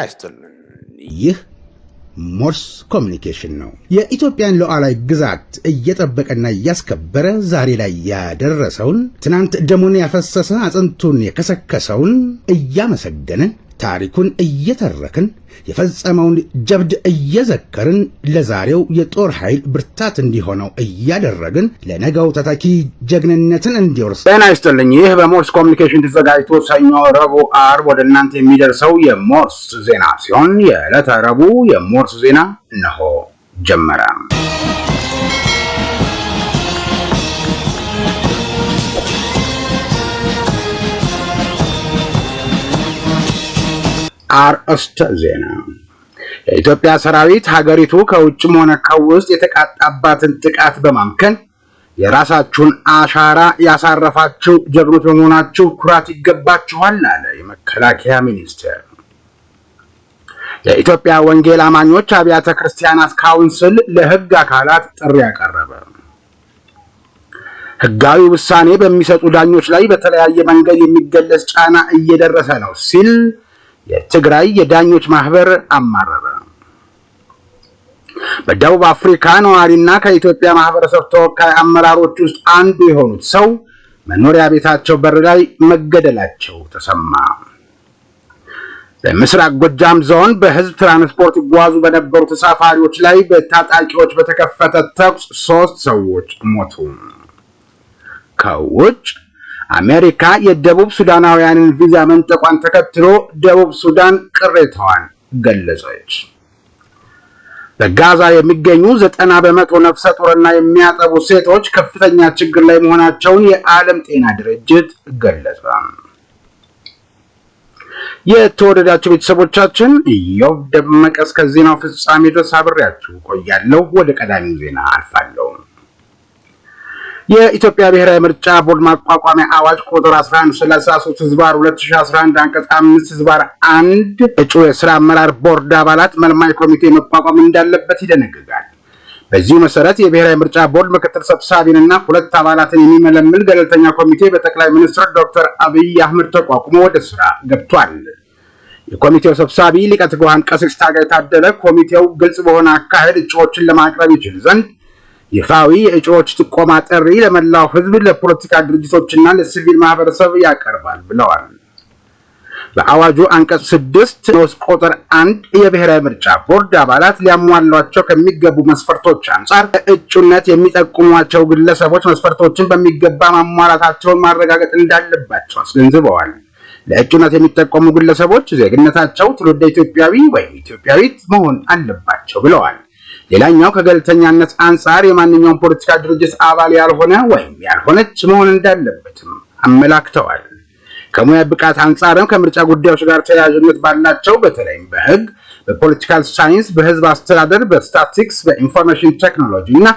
ጤና ይስጥልን። ይህ ሞርስ ኮሚኒኬሽን ነው። የኢትዮጵያን ሉዓላዊ ግዛት እየጠበቀና እያስከበረ ዛሬ ላይ ያደረሰውን ትናንት ደሙን ያፈሰሰ አጥንቱን የከሰከሰውን እያመሰገነ ታሪኩን እየተረክን የፈጸመውን ጀብድ እየዘከርን ለዛሬው የጦር ኃይል ብርታት እንዲሆነው እያደረግን ለነገው ተተኪ ጀግንነትን እንዲወርስ። ጤና ይስጥልኝ። ይህ በሞርስ ኮሚኒኬሽን ተዘጋጅቶ ሰኞ፣ ረቡዕ፣ አርብ ወደ እናንተ የሚደርሰው የሞርስ ዜና ሲሆን የዕለተ ረቡዕ የሞርስ ዜና እነሆ ጀመረ። አርእስተ ዜና የኢትዮጵያ ሰራዊት ሀገሪቱ ከውጭም ሆነ ከውስጥ የተቃጣባትን ጥቃት በማምከን የራሳችሁን አሻራ ያሳረፋችሁ ጀግኖች በመሆናችሁ ኩራት ይገባችኋል አለ የመከላከያ ሚኒስቴር። የኢትዮጵያ ወንጌል አማኞች አብያተ ክርስቲያናት ካውንስል ለሕግ አካላት ጥሪ ያቀረበ። ሕጋዊ ውሳኔ በሚሰጡ ዳኞች ላይ በተለያየ መንገድ የሚገለጽ ጫና እየደረሰ ነው ሲል የትግራይ የዳኞች ማህበር አማረረ። በደቡብ አፍሪካ ነዋሪና ከኢትዮጵያ ማህበረሰብ ተወካይ አመራሮች ውስጥ አንዱ የሆኑት ሰው መኖሪያ ቤታቸው በር ላይ መገደላቸው ተሰማ። በምስራቅ ጎጃም ዞን በህዝብ ትራንስፖርት ይጓዙ በነበሩ ተሳፋሪዎች ላይ በታጣቂዎች በተከፈተ ተኩስ ሶስት ሰዎች ሞቱ። ከውጭ አሜሪካ የደቡብ ሱዳናውያንን ቪዛ መንጠቋን ተከትሎ ደቡብ ሱዳን ቅሬታዋን ገለጸች። በጋዛ የሚገኙ ዘጠና በመቶ ነፍሰ ጡርና የሚያጠቡ ሴቶች ከፍተኛ ችግር ላይ መሆናቸውን የዓለም ጤና ድርጅት ገለጸ። የተወደዳችሁ ቤተሰቦቻችን ኢዮብ ደመቀ እስከ ዜናው ፍጻሜ ድረስ አብሬያችሁ ቆያለሁ። ወደ ቀዳሚው ዜና አልፋለሁ። የኢትዮጵያ ብሔራዊ ምርጫ ቦርድ ማቋቋሚያ አዋጅ ቁጥር 11 33 ህዝባር 2011 አንቀጽ 5 ህዝባር 1 እጩ የስራ አመራር ቦርድ አባላት መልማይ ኮሚቴ መቋቋም እንዳለበት ይደነግጋል። በዚሁ መሰረት የብሔራዊ ምርጫ ቦርድ ምክትል ሰብሳቢንና ሁለት አባላትን የሚመለምል ገለልተኛ ኮሚቴ በጠቅላይ ሚኒስትር ዶክተር አብይ አህመድ ተቋቁሞ ወደ ስራ ገብቷል። የኮሚቴው ሰብሳቢ ሊቀ ትጉሃን ቀሲስ ታጋይ ታደለ ኮሚቴው ግልጽ በሆነ አካሄድ እጩዎችን ለማቅረብ ይችል ዘንድ ይፋዊ እጩዎች ጥቆማ ጥሪ ለመላው ህዝብ ለፖለቲካ ድርጅቶችና ለሲቪል ማህበረሰብ ያቀርባል ብለዋል። በአዋጁ አንቀጽ ስድስት ንዑስ ቁጥር አንድ የብሔራዊ ምርጫ ቦርድ አባላት ሊያሟሏቸው ከሚገቡ መስፈርቶች አንጻር እጩነት የሚጠቁሟቸው ግለሰቦች መስፈርቶችን በሚገባ ማሟላታቸውን ማረጋገጥ እንዳለባቸው አስገንዝበዋል። ለእጩነት የሚጠቆሙ ግለሰቦች ዜግነታቸው ትውልደ ኢትዮጵያዊ ወይም ኢትዮጵያዊት መሆን አለባቸው ብለዋል። ሌላኛው ከገለልተኛነት አንጻር የማንኛውም ፖለቲካ ድርጅት አባል ያልሆነ ወይም ያልሆነች መሆን እንዳለበትም አመላክተዋል። ከሙያ ብቃት አንጻርም ከምርጫ ጉዳዮች ጋር ተያያዥነት ባላቸው በተለይም በህግ በፖለቲካል ሳይንስ፣ በህዝብ አስተዳደር፣ በስታቲክስ፣ በኢንፎርሜሽን ቴክኖሎጂ እና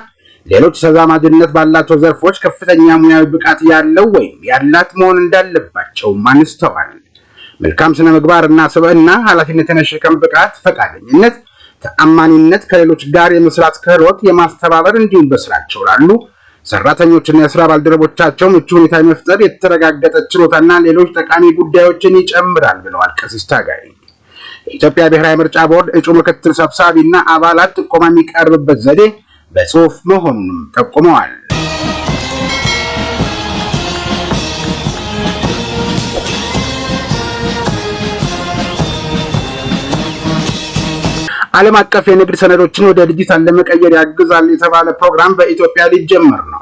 ሌሎች ተዛማጅነት ባላቸው ዘርፎች ከፍተኛ ሙያዊ ብቃት ያለው ወይም ያላት መሆን እንዳለባቸውም አንስተዋል። መልካም ስነ ምግባር እና ስብዕና፣ ኃላፊነትን የመሸከም ብቃት፣ ፈቃደኝነት ተአማኒነት፣ ከሌሎች ጋር የመስራት ክህሎት፣ የማስተባበር እንዲሁም በስራቸው ላሉ ሰራተኞችና የስራ ባልደረቦቻቸው ምቹ ሁኔታ የመፍጠር የተረጋገጠ ችሎታና ሌሎች ጠቃሚ ጉዳዮችን ይጨምራል ብለዋል ቀሲስ ታጋይ። የኢትዮጵያ ብሔራዊ ምርጫ ቦርድ እጩ ምክትል ሰብሳቢና አባላት ጥቆማ የሚቀርብበት ዘዴ በጽሁፍ መሆኑንም ጠቁመዋል። ዓለም አቀፍ የንግድ ሰነዶችን ወደ ዲጂታል ለመቀየር ያግዛል የተባለ ፕሮግራም በኢትዮጵያ ሊጀመር ነው።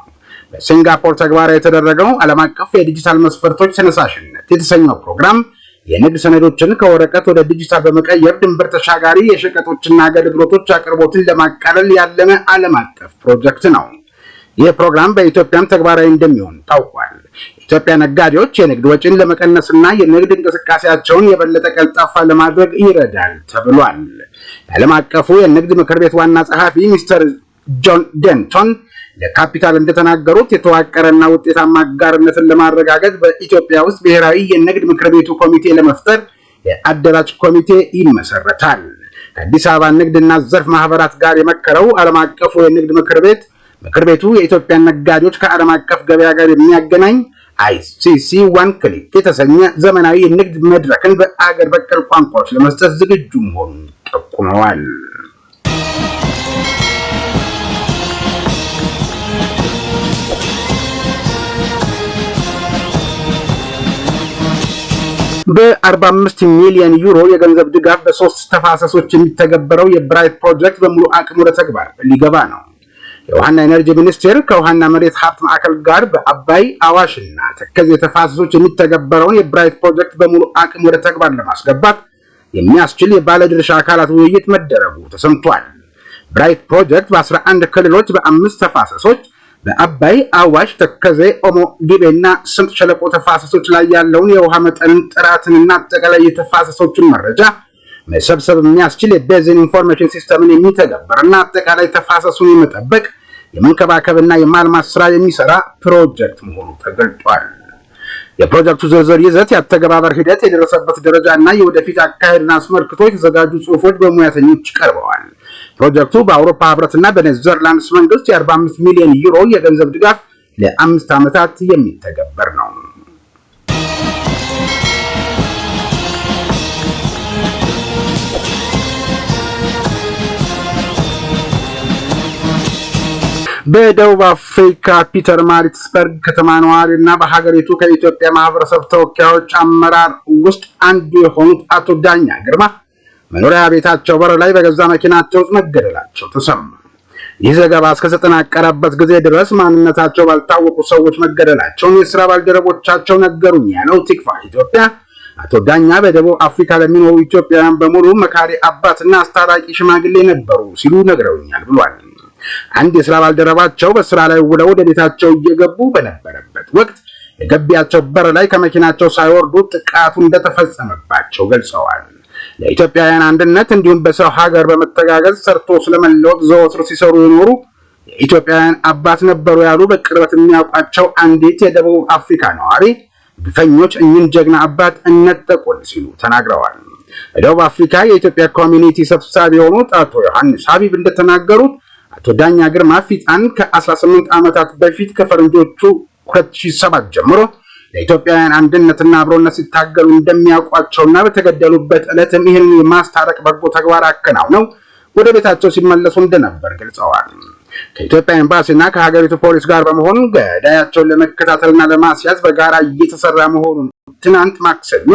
በሲንጋፖር ተግባራዊ የተደረገው ዓለም አቀፍ የዲጂታል መስፈርቶች ተነሳሽነት የተሰኘው ፕሮግራም የንግድ ሰነዶችን ከወረቀት ወደ ዲጂታል በመቀየር ድንበር ተሻጋሪ የሸቀጦችና አገልግሎቶች አቅርቦትን ለማቃለል ያለመ ዓለም አቀፍ ፕሮጀክት ነው። ይህ ፕሮግራም በኢትዮጵያም ተግባራዊ እንደሚሆን ታውቋል። ኢትዮጵያ ነጋዴዎች የንግድ ወጪን ለመቀነስና የንግድ እንቅስቃሴያቸውን የበለጠ ቀልጣፋ ለማድረግ ይረዳል ተብሏል። የዓለም አቀፉ የንግድ ምክር ቤት ዋና ጸሐፊ ሚስተር ጆን ደንቶን ለካፒታል እንደተናገሩት የተዋቀረና ውጤታማ አጋርነትን ለማረጋገጥ በኢትዮጵያ ውስጥ ብሔራዊ የንግድ ምክር ቤቱ ኮሚቴ ለመፍጠር የአደራጅ ኮሚቴ ይመሰረታል። ከአዲስ አበባ ንግድና ዘርፍ ማህበራት ጋር የመከረው ዓለም አቀፉ የንግድ ምክር ቤት ምክር ቤቱ የኢትዮጵያን ነጋዴዎች ከዓለም አቀፍ ገበያ ጋር የሚያገናኝ አይሲሲ ዋን ክሊክ የተሰኘ ዘመናዊ የንግድ መድረክን በአገር በቀል ቋንቋዎች ለመስጠት ዝግጁ መሆኑን ጠቁመዋል። በ45 ሚሊዮን ዩሮ የገንዘብ ድጋፍ በሶስት ተፋሰሶች የሚተገበረው የብራይት ፕሮጀክት በሙሉ አቅሙ ወደ ተግባር ሊገባ ነው። የውሃና ኤነርጂ ሚኒስቴር ከውሃና መሬት ሀብት ማዕከል ጋር በአባይ አዋሽና ተከዜ ተፋሰሶች የሚተገበረውን የብራይት ፕሮጀክት በሙሉ አቅም ወደ ተግባር ለማስገባት የሚያስችል የባለድርሻ አካላት ውይይት መደረጉ ተሰምቷል። ብራይት ፕሮጀክት በ11 ክልሎች በአምስት ተፋሰሶች በአባይ፣ አዋሽ፣ ተከዜ፣ ኦሞ፣ ጊቤና ስምጥ ሸለቆ ተፋሰሶች ላይ ያለውን የውሃ መጠንን ጥራትንና አጠቃላይ የተፋሰሶችን መረጃ መሰብሰብ የሚያስችል የቤዝን ኢንፎርሜሽን ሲስተምን የሚተገበርና አጠቃላይ ተፋሰሱን የመጠበቅ የመንከባከብና የማልማት ስራ የሚሰራ ፕሮጀክት መሆኑ ተገልጧል። የፕሮጀክቱ ዝርዝር ይዘት፣ የአተገባበር ሂደት፣ የደረሰበት ደረጃ እና የወደፊት አካሄድን አስመልክቶ የተዘጋጁ ጽሁፎች በሙያተኞች ቀርበዋል። ፕሮጀክቱ በአውሮፓ ህብረትና በኔዘርላንድስ መንግስት የ45 ሚሊዮን ዩሮ የገንዘብ ድጋፍ ለአምስት ዓመታት የሚተገበር ነው። በደቡብ አፍሪካ ፒተር ማሪትስበርግ ከተማ ነዋሪ እና በሀገሪቱ ከኢትዮጵያ ማህበረሰብ ተወካዮች አመራር ውስጥ አንዱ የሆኑት አቶ ዳኛ ግርማ መኖሪያ ቤታቸው በር ላይ በገዛ መኪናቸው ውስጥ መገደላቸው ተሰማ። ይህ ዘገባ እስከተጠናቀረበት ጊዜ ድረስ ማንነታቸው ባልታወቁ ሰዎች መገደላቸውን የስራ ባልደረቦቻቸው ነገሩኝ ያለው ቲክፋ ኢትዮጵያ አቶ ዳኛ በደቡብ አፍሪካ ለሚኖሩ ኢትዮጵያውያን በሙሉ መካሪ አባትና አስታራቂ ሽማግሌ ነበሩ ሲሉ ነግረውኛል ብሏል። አንድ የስራ ባልደረባቸው በስራ ላይ ውለው ወደ ቤታቸው እየገቡ በነበረበት ወቅት የገቢያቸው በር ላይ ከመኪናቸው ሳይወርዱ ጥቃቱ እንደተፈጸመባቸው ገልጸዋል። ለኢትዮጵያውያን አንድነት እንዲሁም በሰው ሀገር በመተጋገዝ ሰርቶ ስለመለወጥ ዘወትር ሲሰሩ የኖሩ የኢትዮጵያውያን አባት ነበሩ ያሉ በቅርበት የሚያውቋቸው አንዲት የደቡብ አፍሪካ ነዋሪ ግፈኞች እኝን ጀግና አባት እነጠቁን ሲሉ ተናግረዋል። በደቡብ አፍሪካ የኢትዮጵያ ኮሚኒቲ ሰብሳቢ የሆኑት አቶ ዮሐንስ ሀቢብ እንደተናገሩት አቶ ዳኛ ግርማ ፊጣን ከ18 ዓመታት በፊት ከፈረንጆቹ 2007 ጀምሮ ለኢትዮጵያውያን አንድነትና አብሮነት ሲታገሉ እንደሚያውቋቸውና በተገደሉበት ዕለትም ይህን የማስታረቅ በጎ ተግባር አከናውነው ወደ ቤታቸው ሲመለሱ እንደነበር ገልጸዋል። ከኢትዮጵያ ኤምባሲና ከሀገሪቱ ፖሊስ ጋር በመሆን ገዳያቸውን ለመከታተልና ለማስያዝ በጋራ እየተሰራ መሆኑን ትናንት ማክሰኞ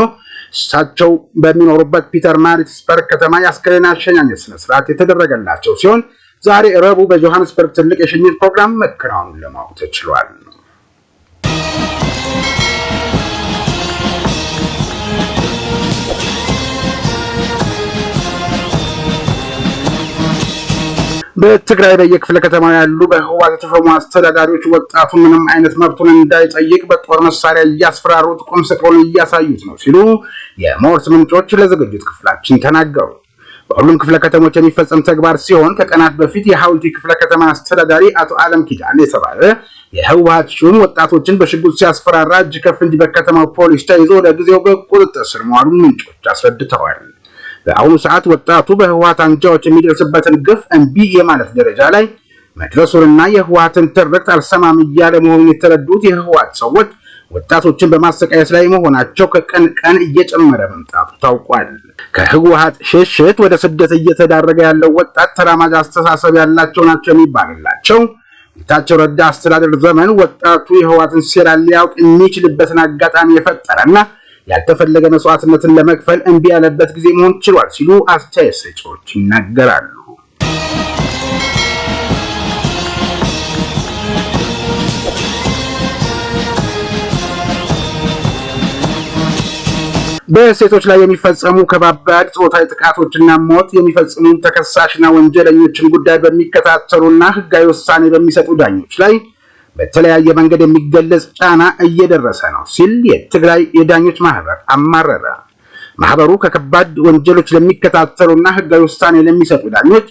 እሳቸው በሚኖሩበት ፒተር ማሪትስበርግ ከተማ የአስከሬን አሸኛኘት ስነስርዓት የተደረገላቸው ሲሆን ዛሬ ረቡዕ በጆሃንስበርግ ትልቅ የሽኝት ፕሮግራም መከናወኑን ለማወቅ ተችሏል። በትግራይ በየክፍለ ከተማ ያሉ በህወሓት የተሾሙ አስተዳዳሪዎች ወጣቱ ምንም አይነት መብቱን እንዳይጠይቅ በጦር መሳሪያ እያስፈራሩት ቁም ስቅሉን እያሳዩት ነው ሲሉ የሞርስ ምንጮች ለዝግጅት ክፍላችን ተናገሩ። በሁሉም ክፍለ ከተሞች የሚፈጸም ተግባር ሲሆን ከቀናት በፊት የሐውልቲ ክፍለ ከተማ አስተዳዳሪ አቶ አለም ኪዳን የተባለ የህወሀት ሹም ወጣቶችን በሽጉጥ ሲያስፈራራ እጅ ከፍ እንዲህ በከተማው ፖሊስ ተይዞ ለጊዜው በቁጥጥር ስር መዋሉን ምንጮች አስረድተዋል። በአሁኑ ሰዓት ወጣቱ በህወሀት አንጃዎች የሚደርስበትን ግፍ እምቢ የማለት ደረጃ ላይ መድረሱንና የህወሀትን ትርክት አልሰማም እያለ መሆኑን የተረዱት የህወሀት ሰዎች ወጣቶችን በማሰቃየት ላይ መሆናቸው ከቀን ቀን እየጨመረ መምጣቱ ታውቋል። ከህወሀት ሽሽት ወደ ስደት እየተዳረገ ያለው ወጣት ተራማጅ አስተሳሰብ ያላቸው ናቸው የሚባልላቸው ጌታቸው ረዳ አስተዳደር ዘመን ወጣቱ የህወሀትን ሴራ ሊያውቅ የሚችልበትን አጋጣሚ የፈጠረና ያልተፈለገ መስዋዕትነትን ለመክፈል እንቢ ያለበት ጊዜ መሆን ችሏል ሲሉ አስተያየት ሰጪዎች ይናገራሉ። በሴቶች ላይ የሚፈጸሙ ከባባድ ጾታዊ ጥቃቶችና ሞት የሚፈጽሙ ተከሳሽና ወንጀለኞችን ጉዳይ በሚከታተሉና ሕጋዊ ውሳኔ በሚሰጡ ዳኞች ላይ በተለያየ መንገድ የሚገለጽ ጫና እየደረሰ ነው ሲል የትግራይ የዳኞች ማህበር አማረረ። ማህበሩ ከከባድ ወንጀሎች ለሚከታተሉና ሕጋዊ ውሳኔ ለሚሰጡ ዳኞች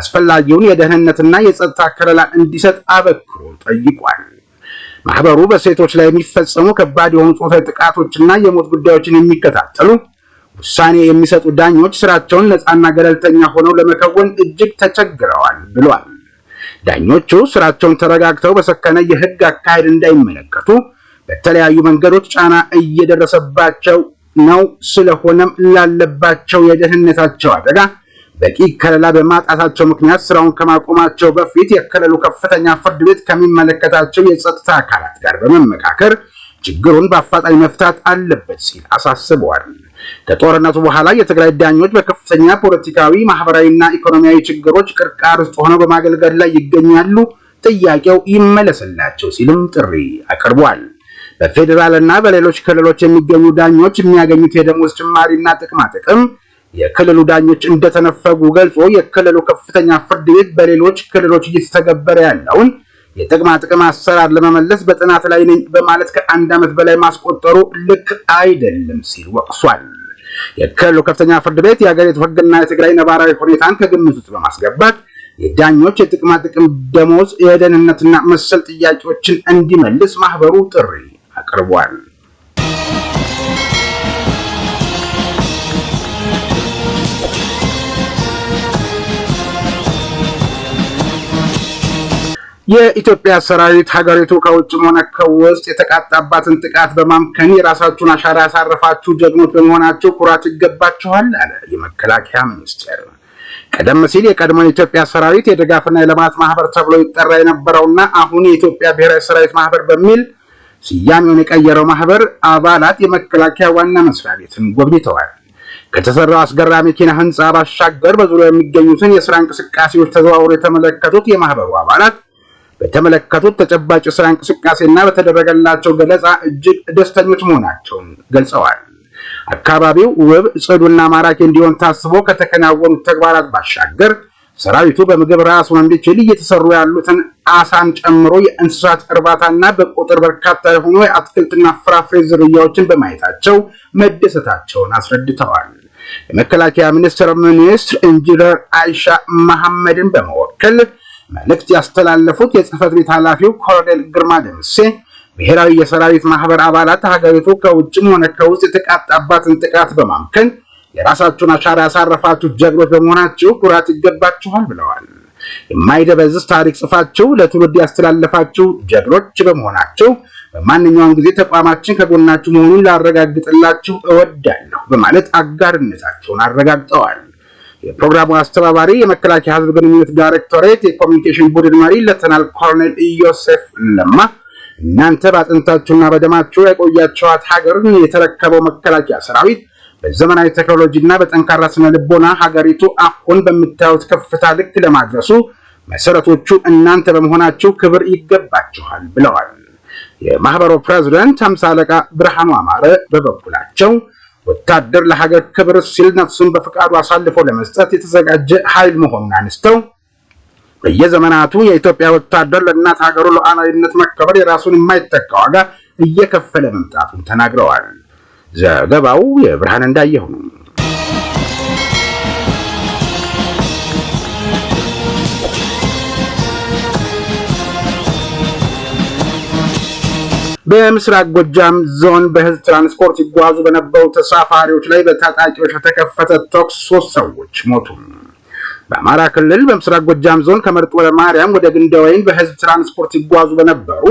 አስፈላጊውን የደህንነትና የጸጥታ ከለላ እንዲሰጥ አበክሮ ጠይቋል። ማህበሩ በሴቶች ላይ የሚፈጸሙ ከባድ የሆኑ ጾታዊ ጥቃቶችና የሞት ጉዳዮችን የሚከታተሉ ውሳኔ የሚሰጡ ዳኞች ስራቸውን ነፃና ገለልተኛ ሆነው ለመከወን እጅግ ተቸግረዋል ብሏል። ዳኞቹ ስራቸውን ተረጋግተው በሰከነ የህግ አካሄድ እንዳይመለከቱ በተለያዩ መንገዶች ጫና እየደረሰባቸው ነው። ስለሆነም ላለባቸው የደህንነታቸው አደጋ በቂ ከለላ በማጣታቸው ምክንያት ስራውን ከማቆማቸው በፊት የክልሉ ከፍተኛ ፍርድ ቤት ከሚመለከታቸው የጸጥታ አካላት ጋር በመመካከር ችግሩን በአፋጣኝ መፍታት አለበት ሲል አሳስበዋል። ከጦርነቱ በኋላ የትግራይ ዳኞች በከፍተኛ ፖለቲካዊ፣ ማህበራዊና ኢኮኖሚያዊ ችግሮች ቅርቃር ውስጥ ሆነው በማገልገል ላይ ይገኛሉ። ጥያቄው ይመለስላቸው ሲልም ጥሪ አቅርቧል። እና በሌሎች ክልሎች የሚገኙ ዳኞች የሚያገኙት የደሞዝ ጭማሪና ጥቅማ ጥቅም የክልሉ ዳኞች እንደተነፈጉ ገልጾ የክልሉ ከፍተኛ ፍርድ ቤት በሌሎች ክልሎች እየተተገበረ ያለውን የጥቅማ ጥቅም አሰራር ለመመለስ በጥናት ላይ ነኝ በማለት ከአንድ ዓመት በላይ ማስቆጠሩ ልክ አይደለም ሲል ወቅሷል። የክልሉ ከፍተኛ ፍርድ ቤት የሀገሪቱ ሕግና የትግራይ ነባራዊ ሁኔታን ከግምት ውስጥ በማስገባት የዳኞች የጥቅማ ጥቅም ደሞዝ፣ የደህንነትና መሰል ጥያቄዎችን እንዲመልስ ማህበሩ ጥሪ አቅርቧል። የኢትዮጵያ ሰራዊት ሀገሪቱ ከውጭም ሆነ ከውስጥ የተቃጣባትን ጥቃት በማምከን የራሳችሁን አሻራ ያሳረፋችሁ ጀግኖች በመሆናቸው ኩራት ይገባችኋል አለ የመከላከያ ሚኒስቴር። ቀደም ሲል የቀድሞ የኢትዮጵያ ሰራዊት የድጋፍና የልማት ማህበር ተብሎ ይጠራ የነበረውና አሁን የኢትዮጵያ ብሔራዊ ሰራዊት ማህበር በሚል ስያሜውን የቀየረው ማህበር አባላት የመከላከያ ዋና መስሪያ ቤትን ጎብኝተዋል። ከተሰራው አስገራሚ ኪነ ህንፃ ባሻገር በዙሪያው የሚገኙትን የስራ እንቅስቃሴዎች ተዘዋውሮ የተመለከቱት የማህበሩ አባላት በተመለከቱት ተጨባጭ የስራ እንቅስቃሴና በተደረገላቸው ገለጻ እጅግ ደስተኞች መሆናቸውን ገልጸዋል። አካባቢው ውብ ጽዱና ማራኪ እንዲሆን ታስቦ ከተከናወኑት ተግባራት ባሻገር ሰራዊቱ በምግብ ራሱን እንዲችል እየተሰሩ ያሉትን አሳን ጨምሮ የእንስሳት እርባታና በቁጥር በርካታ የሆኑ የአትክልትና ፍራፍሬ ዝርያዎችን በማየታቸው መደሰታቸውን አስረድተዋል። የመከላከያ ሚኒስቴር ሚኒስትር ኢንጂነር አይሻ መሐመድን በመወከል መልእክት ያስተላለፉት የጽህፈት ቤት ኃላፊው ኮሎኔል ግርማ ደምሴ ብሔራዊ የሰራዊት ማህበር አባላት ሀገሪቱ ከውጭም ሆነ ከውስጥ የተቃጣባትን ጥቃት በማምከን የራሳችሁን አሻራ ያሳረፋችሁ ጀግኖች በመሆናችሁ ኩራት ይገባችኋል ብለዋል። የማይደበዝስ ታሪክ ጽፋችሁ ለትውልድ ያስተላለፋችሁ ጀግኖች በመሆናችሁ በማንኛውም ጊዜ ተቋማችን ከጎናችሁ መሆኑን ላረጋግጥላችሁ እወዳለሁ በማለት አጋርነታቸውን አረጋግጠዋል። የፕሮግራሙ አስተባባሪ የመከላከያ ህዝብ ግንኙነት ዳይሬክቶሬት የኮሚኒኬሽን ቡድን መሪ ሌተናል ኮሎኔል ኢዮሴፍ ለማ እናንተ በአጥንታችሁና በደማችሁ ያቆያቸዋት ሀገርን የተረከበው መከላከያ ሰራዊት በዘመናዊ ቴክኖሎጂና በጠንካራ ስነ ልቦና ሀገሪቱ አሁን በምታዩት ከፍታ ልክ ለማድረሱ መሰረቶቹ እናንተ በመሆናችሁ ክብር ይገባችኋል ብለዋል። የማህበሩ ፕሬዚደንት ሃምሳ አለቃ ብርሃኑ አማረ በበኩላቸው ወታደር ለሀገር ክብር ሲል ነፍሱን በፍቃዱ አሳልፎ ለመስጠት የተዘጋጀ ኃይል መሆኑን አንስተው በየዘመናቱ የኢትዮጵያ ወታደር ለእናት ሀገሩ ሉዓላዊነት መከበር የራሱን የማይተካ ዋጋ እየከፈለ መምጣቱን ተናግረዋል። ዘገባው የብርሃን እንዳየሁ ነው። በምስራቅ ጎጃም ዞን በህዝብ ትራንስፖርት ይጓዙ በነበሩ ተሳፋሪዎች ላይ በታጣቂዎች በተከፈተ ተኩስ ሶስት ሰዎች ሞቱ። በአማራ ክልል በምስራቅ ጎጃም ዞን ከመርጦ ለማርያም ወደ ግንደወይን በህዝብ ትራንስፖርት ይጓዙ በነበሩ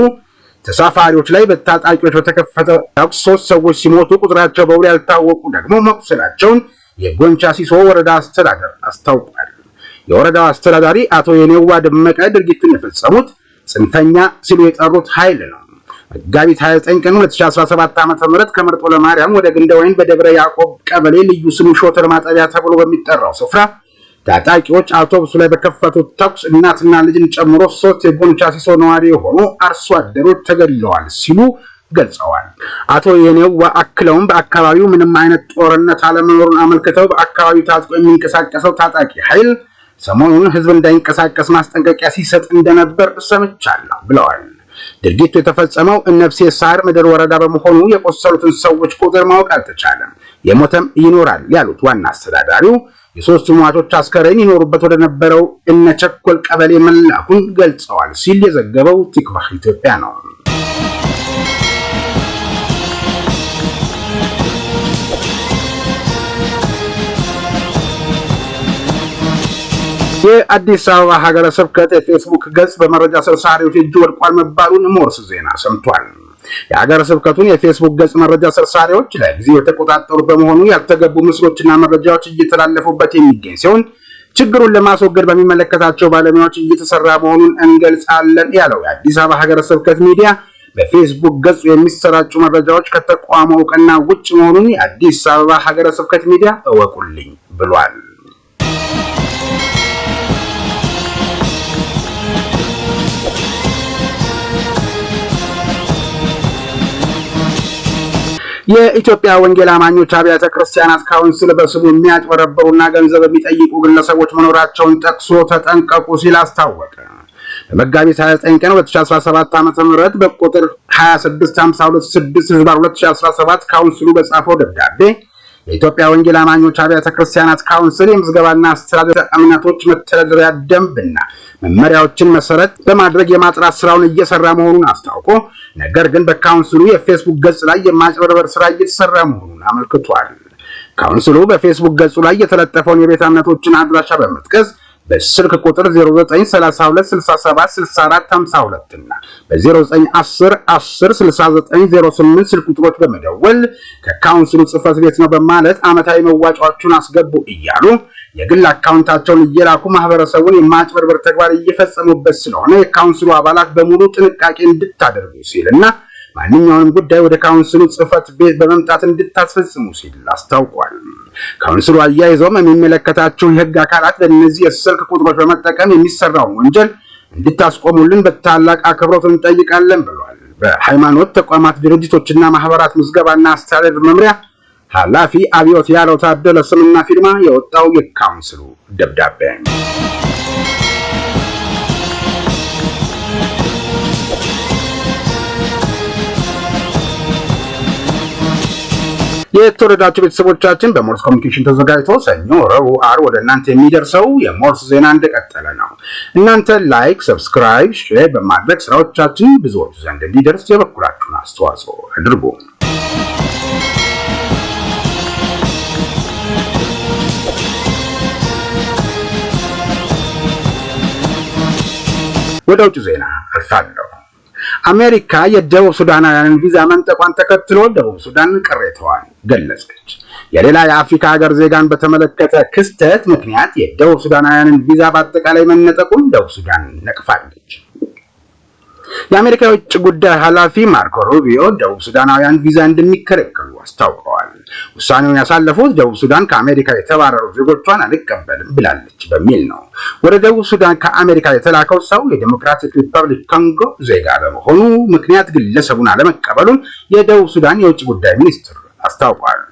ተሳፋሪዎች ላይ በታጣቂዎች በተከፈተ ተኩስ ሶስት ሰዎች ሲሞቱ ቁጥራቸው በውል ያልታወቁ ደግሞ መቁሰላቸውን የጎንቻ ሲሶ ወረዳ አስተዳደር አስታውቋል። የወረዳው አስተዳዳሪ አቶ የኔዋ ደመቀ ድርጊቱን የፈጸሙት ጽንፈኛ ሲሉ የጠሩት ኃይል ነው መጋቢት 29 ቀን 2017 ዓ.ም ከመርጦ ለማርያም ወደ ግንደ ወይን በደብረ ያዕቆብ ቀበሌ ልዩ ስሙ ሾተል ማጠቢያ ተብሎ በሚጠራው ስፍራ ታጣቂዎች አውቶቡሱ ላይ በከፈቱት ተኩስ እናትና ልጅን ጨምሮ ሶስት የጎንቻ ሲሶ ነዋሪ የሆኑ አርሶ አደሮች ተገድለዋል ሲሉ ገልጸዋል። አቶ የኔው አክለውም በአካባቢው ምንም አይነት ጦርነት አለመኖሩን አመልክተው በአካባቢው ታጥቆ የሚንቀሳቀሰው ታጣቂ ኃይል ሰሞኑን ሕዝብ እንዳይንቀሳቀስ ማስጠንቀቂያ ሲሰጥ እንደነበር ሰምቻለሁ ብለዋል። ድርጊቱ የተፈጸመው እነብሴ ሳር ምድር ወረዳ በመሆኑ የቆሰሉትን ሰዎች ቁጥር ማወቅ አልተቻለም። የሞተም ይኖራል ያሉት ዋና አስተዳዳሪው የሶስቱ ሟቾች አስከሬን ይኖሩበት ወደነበረው እነቸኮል ቀበሌ መላኩን ገልጸዋል ሲል የዘገበው ቲክቫህ ኢትዮጵያ ነው። የአዲስ አበባ ሀገረ ስብከት የፌስቡክ ገጽ በመረጃ ሰርሳሪዎች እጅ ወድቋል መባሉን ሞርስ ዜና ሰምቷል። የሀገረ ስብከቱን የፌስቡክ ገጽ መረጃ ሰርሳሪዎች ለጊዜው የተቆጣጠሩ በመሆኑ ያልተገቡ ምስሎችና መረጃዎች እየተላለፉበት የሚገኝ ሲሆን ችግሩን ለማስወገድ በሚመለከታቸው ባለሙያዎች እየተሰራ መሆኑን እንገልጻለን ያለው የአዲስ አበባ ሀገረ ስብከት ሚዲያ በፌስቡክ ገጹ የሚሰራጩ መረጃዎች ከተቋሙ እውቅና ውጭ መሆኑን የአዲስ አበባ ሀገረ ስብከት ሚዲያ እወቁልኝ ብሏል። የኢትዮጵያ ወንጌል አማኞች አብያተ ክርስቲያናት ካውንስል በስሙ የሚያጭበረበሩና ገንዘብ የሚጠይቁ ግለሰቦች መኖራቸውን ጠቅሶ ተጠንቀቁ ሲል አስታወቀ። በመጋቢት 29 ቀን 2017 ዓ ም በቁጥር 26526 ህዝባር 2017 ካውንስሉ በጻፈው ደብዳቤ የኢትዮጵያ ወንጌል አማኞች አብያተ ክርስቲያናት ካውንስል የምዝገባና አስተዳደር እምነቶች መተዳደሪያ ደንብና መመሪያዎችን መሰረት በማድረግ የማጥራት ስራውን እየሰራ መሆኑን አስታውቆ ነገር ግን በካውንስሉ የፌስቡክ ገጽ ላይ የማጭበርበር ስራ እየተሰራ መሆኑን አመልክቷል። ካውንስሉ በፌስቡክ ገጹ ላይ የተለጠፈውን የቤት እምነቶችን አድራሻ በመጥቀስ በስልክ ቁጥር 0932676452 እና በ0910106908 ስልክ ቁጥሮች በመደወል ከካውንስሉ ጽህፈት ቤት ነው በማለት ዓመታዊ መዋጫዎቹን አስገቡ እያሉ የግል አካውንታቸውን እየላኩ ማህበረሰቡን የማጭበርበር ተግባር እየፈጸሙበት ስለሆነ የካውንስሉ አባላት በሙሉ ጥንቃቄ እንድታደርጉ ሲል እና ማንኛውንም ጉዳይ ወደ ካውንስሉ ጽህፈት ቤት በመምጣት እንድታስፈጽሙ ሲል አስታውቋል። ካውንስሉ አያይዘውም የሚመለከታቸው የህግ አካላት ለእነዚህ የስልክ ቁጥሮች በመጠቀም የሚሰራውን ወንጀል እንድታስቆሙልን በታላቅ አክብሮት እንጠይቃለን ብሏል። በሃይማኖት ተቋማት ድርጅቶችና ማህበራት ምዝገባና አስተዳደር መምሪያ ኃላፊ አብዮት ያለው ታደለ ስምና ፊርማ የወጣው የካውንስሉ ደብዳቤ የተወደዳችሁ ቤተሰቦቻችን በሞርስ ኮሚኒኬሽን ተዘጋጅቶ ሰኞ፣ ረቡዕ፣ ዓርብ ወደ እናንተ የሚደርሰው የሞርስ ዜና እንደቀጠለ ነው። እናንተ ላይክ፣ ሰብስክራይብ፣ ሼር በማድረግ ስራዎቻችን ብዙዎች ዘንድ እንዲደርስ የበኩላችሁን አስተዋጽኦ አድርጉ። ወደ ውጭ ዜና አልፋለሁ። አሜሪካ የደቡብ ሱዳናውያንን ቪዛ መንጠቋን ተከትሎ ደቡብ ሱዳን ቅሬታዋን ገለጸች። የሌላ የአፍሪካ ሀገር ዜጋን በተመለከተ ክስተት ምክንያት የደቡብ ሱዳናውያንን ቪዛ በአጠቃላይ መነጠቁን ደቡብ ሱዳን ነቅፋለች። የአሜሪካ የውጭ ጉዳይ ኃላፊ ማርኮ ሩቢዮ ደቡብ ሱዳናውያን ቪዛ እንደሚከለከሉ አስታውቀዋል። ውሳኔውን ያሳለፉት ደቡብ ሱዳን ከአሜሪካ የተባረሩ ዜጎቿን አልቀበልም ብላለች በሚል ነው። ወደ ደቡብ ሱዳን ከአሜሪካ የተላከው ሰው የዴሞክራቲክ ሪፐብሊክ ኮንጎ ዜጋ በመሆኑ ምክንያት ግለሰቡን አለመቀበሉን የደቡብ ሱዳን የውጭ ጉዳይ ሚኒስትር አስታውቋል።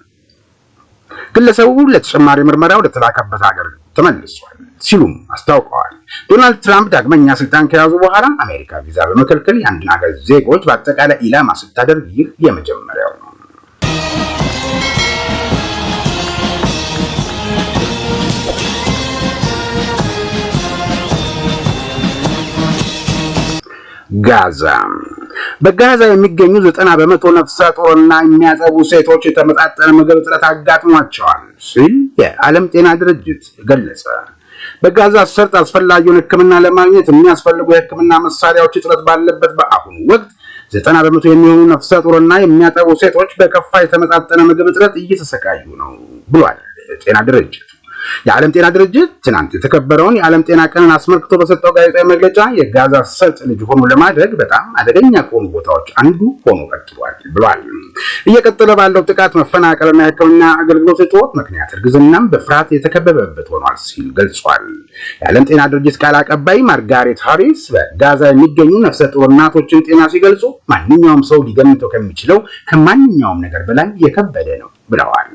ግለሰቡ ለተጨማሪ ምርመራ ወደ ተላከበት ሀገር ተመልሷል ሲሉም አስታውቀዋል። ዶናልድ ትራምፕ ዳግመኛ ስልጣን ከያዙ በኋላ አሜሪካ ቪዛ በመከልከል የአንድን ሀገር ዜጎች በአጠቃላይ ኢላማ ስታደርግ ይህ የመጀመሪያው ነው። ጋዛም በጋዛ የሚገኙ ዘጠና በመቶ ነፍሰ ጡርና የሚያጠቡ ሴቶች የተመጣጠነ ምግብ እጥረት አጋጥሟቸዋል ሲል የዓለም ጤና ድርጅት ገለጸ። በጋዛ ሰርጥ አስፈላጊውን ሕክምና ለማግኘት የሚያስፈልጉ የሕክምና መሳሪያዎች እጥረት ባለበት በአሁኑ ወቅት ዘጠና በመቶ የሚሆኑ ነፍሰ ጡርና የሚያጠቡ ሴቶች በከፋ የተመጣጠነ ምግብ እጥረት እየተሰቃዩ ነው ብሏል ጤና ድርጅት። የዓለም ጤና ድርጅት ትናንት የተከበረውን የዓለም ጤና ቀንን አስመልክቶ በሰጠው ጋዜጣዊ መግለጫ የጋዛ ሰርጥ ልጅ ሆኖ ለማድረግ በጣም አደገኛ ከሆኑ ቦታዎች አንዱ ሆኖ ቀጥሏል ብሏል። እየቀጠለ ባለው ጥቃት መፈናቀልና የሕክምና አገልግሎት እጦት ምክንያት እርግዝናም በፍርሃት የተከበበበት ሆኗል ሲል ገልጿል። የዓለም ጤና ድርጅት ቃል አቀባይ ማርጋሬት ሃሪስ በጋዛ የሚገኙ ነፍሰ ጡር እናቶችን ጤና ሲገልጹ ማንኛውም ሰው ሊገምተው ከሚችለው ከማንኛውም ነገር በላይ የከበደ ነው ብለዋል።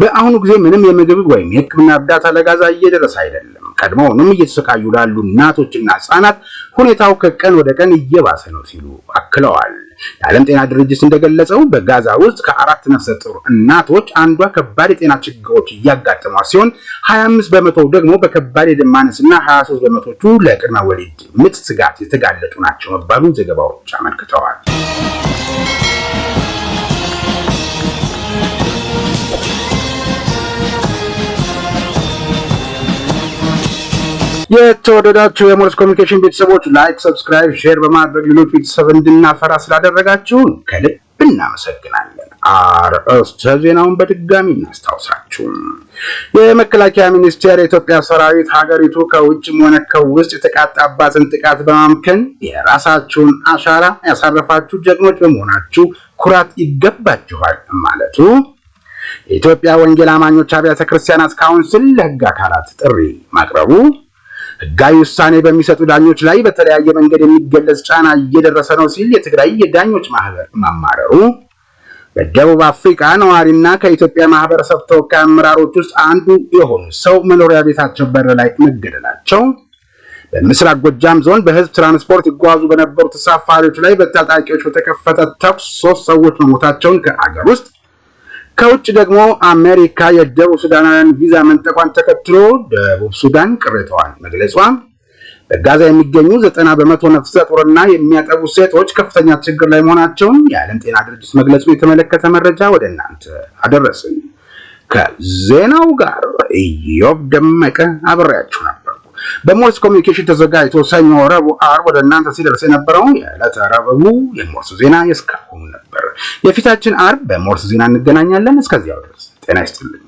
በአሁኑ ጊዜ ምንም የምግብ ወይም የሕክምና እርዳታ ለጋዛ እየደረሰ አይደለም። ቀድሞውንም እየተሰቃዩ ላሉ እናቶችና ህጻናት ሁኔታው ከቀን ወደ ቀን እየባሰ ነው ሲሉ አክለዋል። የዓለም ጤና ድርጅት እንደገለጸው በጋዛ ውስጥ ከአራት ነፍሰ ጡር እናቶች አንዷ ከባድ የጤና ችግሮች እያጋጠሟት ሲሆን 25 በመቶ ደግሞ በከባድ የደም ማነስና 23 በመቶቹ ለቅድመ ወሊድ ምጥ ስጋት የተጋለጡ ናቸው መባሉ ዘገባዎች አመልክተዋል። የተወደዳችሁ የሞርስ ኮሚኒኬሽን ቤተሰቦች ላይክ፣ ሰብስክራይብ፣ ሼር በማድረግ ሌሎች ቤተሰብ እንድናፈራ ስላደረጋችሁን ከልብ እናመሰግናለን። አርእስተ ዜናውን በድጋሚ እናስታውሳችሁ። የመከላከያ ሚኒስቴር የኢትዮጵያ ሰራዊት ሀገሪቱ ከውጭም ሆነ ከውስጥ የተቃጣባትን ጥቃት በማምከን የራሳችሁን አሻራ ያሳረፋችሁ ጀግኖች በመሆናችሁ ኩራት ይገባችኋል ማለቱ፣ የኢትዮጵያ ወንጌል አማኞች አብያተ ክርስቲያናት ካውንስል ለህግ አካላት ጥሪ ማቅረቡ ህጋዊ ውሳኔ በሚሰጡ ዳኞች ላይ በተለያየ መንገድ የሚገለጽ ጫና እየደረሰ ነው ሲል የትግራይ የዳኞች ማህበር ማማረሩ፣ በደቡብ አፍሪካ ነዋሪና ከኢትዮጵያ ማህበረሰብ ተወካይ አመራሮች ውስጥ አንዱ የሆኑ ሰው መኖሪያ ቤታቸው በር ላይ መገደላቸው፣ በምስራቅ ጎጃም ዞን በህዝብ ትራንስፖርት ይጓዙ በነበሩ ተሳፋሪዎች ላይ በታጣቂዎች በተከፈተ ተኩስ ሶስት ሰዎች መሞታቸውን ከአገር ውስጥ ከውጭ ደግሞ አሜሪካ የደቡብ ሱዳናውያን ቪዛ መንጠቋን ተከትሎ ደቡብ ሱዳን ቅሬታዋን መግለጿ፣ በጋዛ የሚገኙ ዘጠና በመቶ ነፍሰ ጡርና የሚያጠቡ ሴቶች ከፍተኛ ችግር ላይ መሆናቸውን የዓለም ጤና ድርጅት መግለጹ የተመለከተ መረጃ ወደ እናንተ አደረስን። ከዜናው ጋር እዮብ ደመቀ አብሬያችሁ ነው። በሞርስ ኮሚኒኬሽን ተዘጋጅቶ ሰኞ፣ ረቡዕ፣ ዓርብ ወደ እናንተ ሲደርስ የነበረው የዕለተ ረቡዕ የሞርስ ዜና የእስካሁን ነበር። የፊታችን ዓርብ በሞርስ ዜና እንገናኛለን። እስከዚያው ድረስ ጤና ይስጥልኝ።